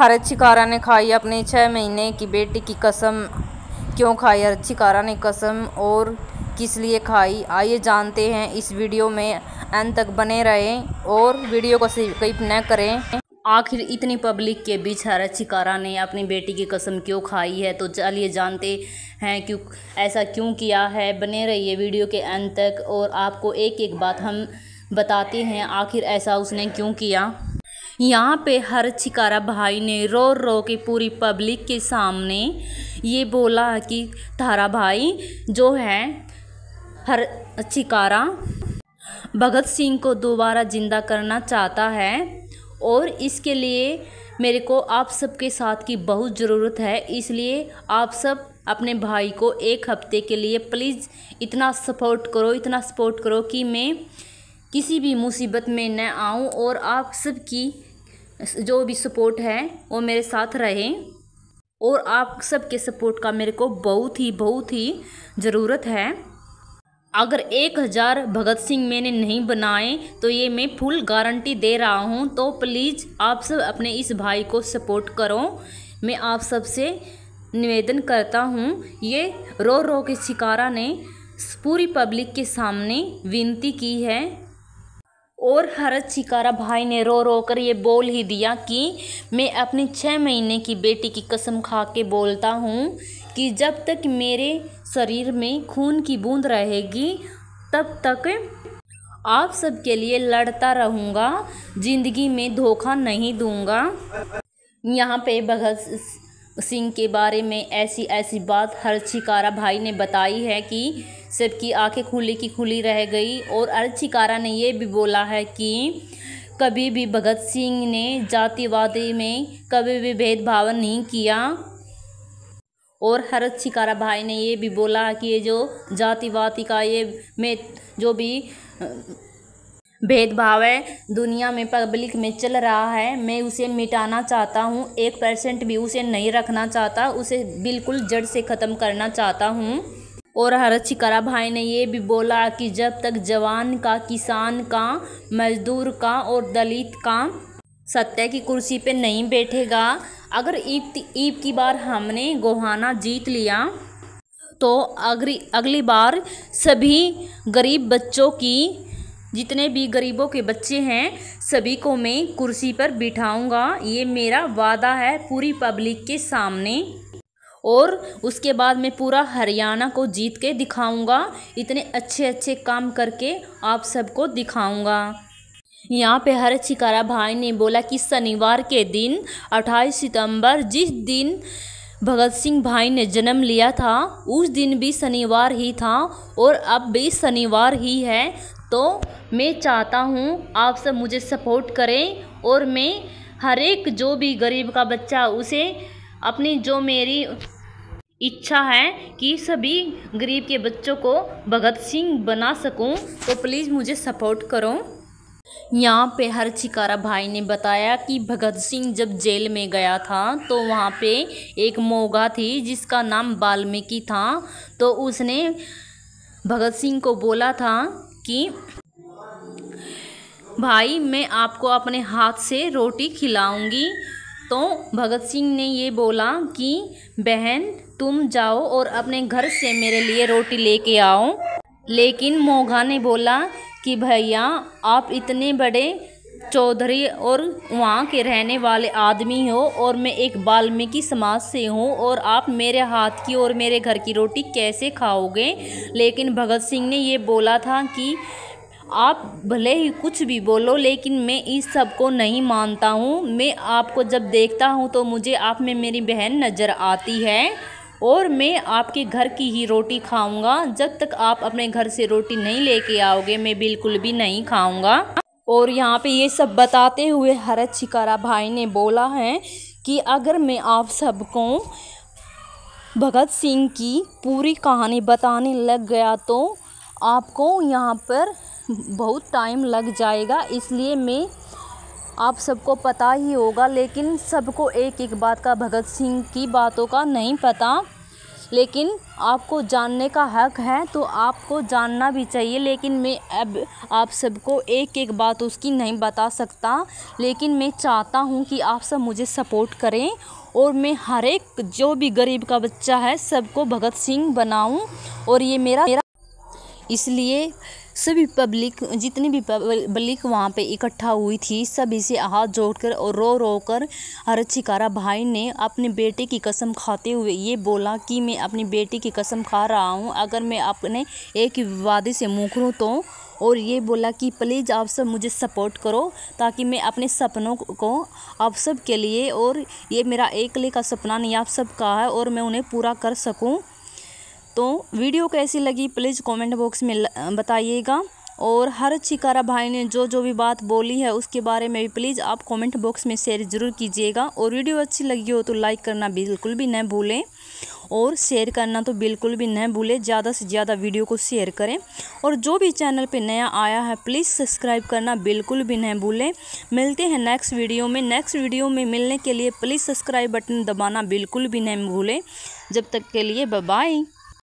हर कारा ने खाई अपने छः महीने की बेटी की कसम क्यों खाई हर कारा ने कसम और किस लिए खाई आइए जानते हैं इस वीडियो में अंत तक बने रहें और वीडियो को स्किप न करें आखिर इतनी पब्लिक के बीच हरची कारा ने अपनी बेटी की कसम क्यों खाई है तो चलिए जानते हैं क्यों ऐसा क्यों किया है बने रहिए वीडियो के अंत तक और आपको एक एक बात हम बताते हैं आखिर ऐसा उसने क्यों किया यहाँ पे हर चिकारा भाई ने रो रो के पूरी पब्लिक के सामने ये बोला कि तारा भाई जो है हर चिकारा भगत सिंह को दोबारा ज़िंदा करना चाहता है और इसके लिए मेरे को आप सबके साथ की बहुत ज़रूरत है इसलिए आप सब अपने भाई को एक हफ्ते के लिए प्लीज़ इतना सपोर्ट करो इतना सपोर्ट करो कि मैं किसी भी मुसीबत में न आऊँ और आप सबकी जो भी सपोर्ट है वो मेरे साथ रहे और आप सबके सपोर्ट का मेरे को बहुत ही बहुत ही ज़रूरत है अगर एक हज़ार भगत सिंह मैंने नहीं बनाए तो ये मैं फुल गारंटी दे रहा हूँ तो प्लीज़ आप सब अपने इस भाई को सपोर्ट करो मैं आप सब से निवेदन करता हूँ ये रो रो के शिकारा ने पूरी पब्लिक के सामने विनती की है और हरत शिकारा भाई ने रो रो कर ये बोल ही दिया कि मैं अपनी छः महीने की बेटी की कसम खा के बोलता हूँ कि जब तक मेरे शरीर में खून की बूंद रहेगी तब तक आप सबके लिए लड़ता रहूँगा ज़िंदगी में धोखा नहीं दूँगा यहाँ पे भगत सिंह के बारे में ऐसी ऐसी बात हर छिकारा भाई ने बताई है कि सबकी आंखें खुली की खुली रह गई और अर्चिकारा ने यह भी बोला है कि कभी भी भगत सिंह ने जातिवादी में कभी भी भेदभाव नहीं किया और हरत शिकारा भाई ने ये भी बोला कि ये जो जातिवादी का ये में जो भी भेदभाव है दुनिया में पब्लिक में चल रहा है मैं उसे मिटाना चाहता हूँ एक परसेंट भी उसे नहीं रखना चाहता उसे बिल्कुल जड़ से ख़त्म करना चाहता हूँ और करा भाई ने ये भी बोला कि जब तक जवान का किसान का मजदूर का और दलित का सत्य की कुर्सी पे नहीं बैठेगा अगर ईब ईब की बार हमने गोहाना जीत लिया तो अगली अगली बार सभी गरीब बच्चों की जितने भी गरीबों के बच्चे हैं सभी को मैं कुर्सी पर बिठाऊंगा ये मेरा वादा है पूरी पब्लिक के सामने और उसके बाद मैं पूरा हरियाणा को जीत के दिखाऊंगा इतने अच्छे अच्छे काम करके आप सबको दिखाऊंगा यहाँ पे हर छिकारा भाई ने बोला कि शनिवार के दिन 28 सितंबर जिस दिन भगत सिंह भाई ने जन्म लिया था उस दिन भी शनिवार ही था और अब भी शनिवार ही है तो मैं चाहता हूँ आप सब मुझे सपोर्ट करें और मैं हर एक जो भी गरीब का बच्चा उसे अपनी जो मेरी इच्छा है कि सभी गरीब के बच्चों को भगत सिंह बना सकूं तो प्लीज़ मुझे सपोर्ट करो यहाँ पे हर छिकारा भाई ने बताया कि भगत सिंह जब जेल में गया था तो वहाँ पे एक मोगा थी जिसका नाम वाल्मीकि था तो उसने भगत सिंह को बोला था कि भाई मैं आपको अपने हाथ से रोटी खिलाऊंगी तो भगत सिंह ने ये बोला कि बहन तुम जाओ और अपने घर से मेरे लिए रोटी लेके आओ लेकिन मोघा ने बोला कि भैया आप इतने बड़े चौधरी और वहाँ के रहने वाले आदमी हो और मैं एक बाल्मीकि समाज से हूँ और आप मेरे हाथ की और मेरे घर की रोटी कैसे खाओगे लेकिन भगत सिंह ने ये बोला था कि आप भले ही कुछ भी बोलो लेकिन मैं इस सब को नहीं मानता हूँ मैं आपको जब देखता हूँ तो मुझे आप में मेरी बहन नज़र आती है और मैं आपके घर की ही रोटी खाऊंगा जब तक आप अपने घर से रोटी नहीं लेके आओगे मैं बिल्कुल भी नहीं खाऊंगा और यहाँ पे ये सब बताते हुए हरत शिकारा भाई ने बोला है कि अगर मैं आप सबको भगत सिंह की पूरी कहानी बताने लग गया तो आपको यहाँ पर बहुत टाइम लग जाएगा इसलिए मैं आप सबको पता ही होगा लेकिन सबको एक एक बात का भगत सिंह की बातों का नहीं पता लेकिन आपको जानने का हक है तो आपको जानना भी चाहिए लेकिन मैं अब आप सबको एक एक बात उसकी नहीं बता सकता लेकिन मैं चाहता हूँ कि आप सब मुझे सपोर्ट करें और मैं हर एक जो भी गरीब का बच्चा है सबको भगत सिंह बनाऊं और ये मेरा मेरा इसलिए सभी पब्लिक जितनी भी पब्लिक वहाँ पे इकट्ठा हुई थी सभी से हाथ जोड़कर और रो रो कर हर छिकारा भाई ने अपने बेटे की कसम खाते हुए ये बोला कि मैं अपनी बेटी की कसम खा रहा हूँ अगर मैं अपने एक वादे से मुखरूँ तो और ये बोला कि प्लीज़ आप सब मुझे सपोर्ट करो ताकि मैं अपने सपनों को आप सब के लिए और ये मेरा एकले का सपना नहीं आप सब का है और मैं उन्हें पूरा कर सकूँ तो वीडियो कैसी लगी प्लीज़ कमेंट बॉक्स में बताइएगा और हर छिकारा भाई ने जो जो भी बात बोली है उसके बारे में भी प्लीज़ आप कमेंट बॉक्स में शेयर ज़रूर कीजिएगा और वीडियो अच्छी लगी हो तो लाइक करना बिल्कुल भी न भूलें और शेयर करना तो बिल्कुल भी न भूलें ज़्यादा से ज़्यादा वीडियो को शेयर करें और जो भी चैनल पे नया आया है प्लीज़ सब्सक्राइब करना बिल्कुल भी न भूलें मिलते हैं नेक्स्ट वीडियो में नेक्स्ट वीडियो में मिलने के लिए प्लीज़ सब्सक्राइब बटन दबाना बिल्कुल भी न भूलें जब तक के लिए बाय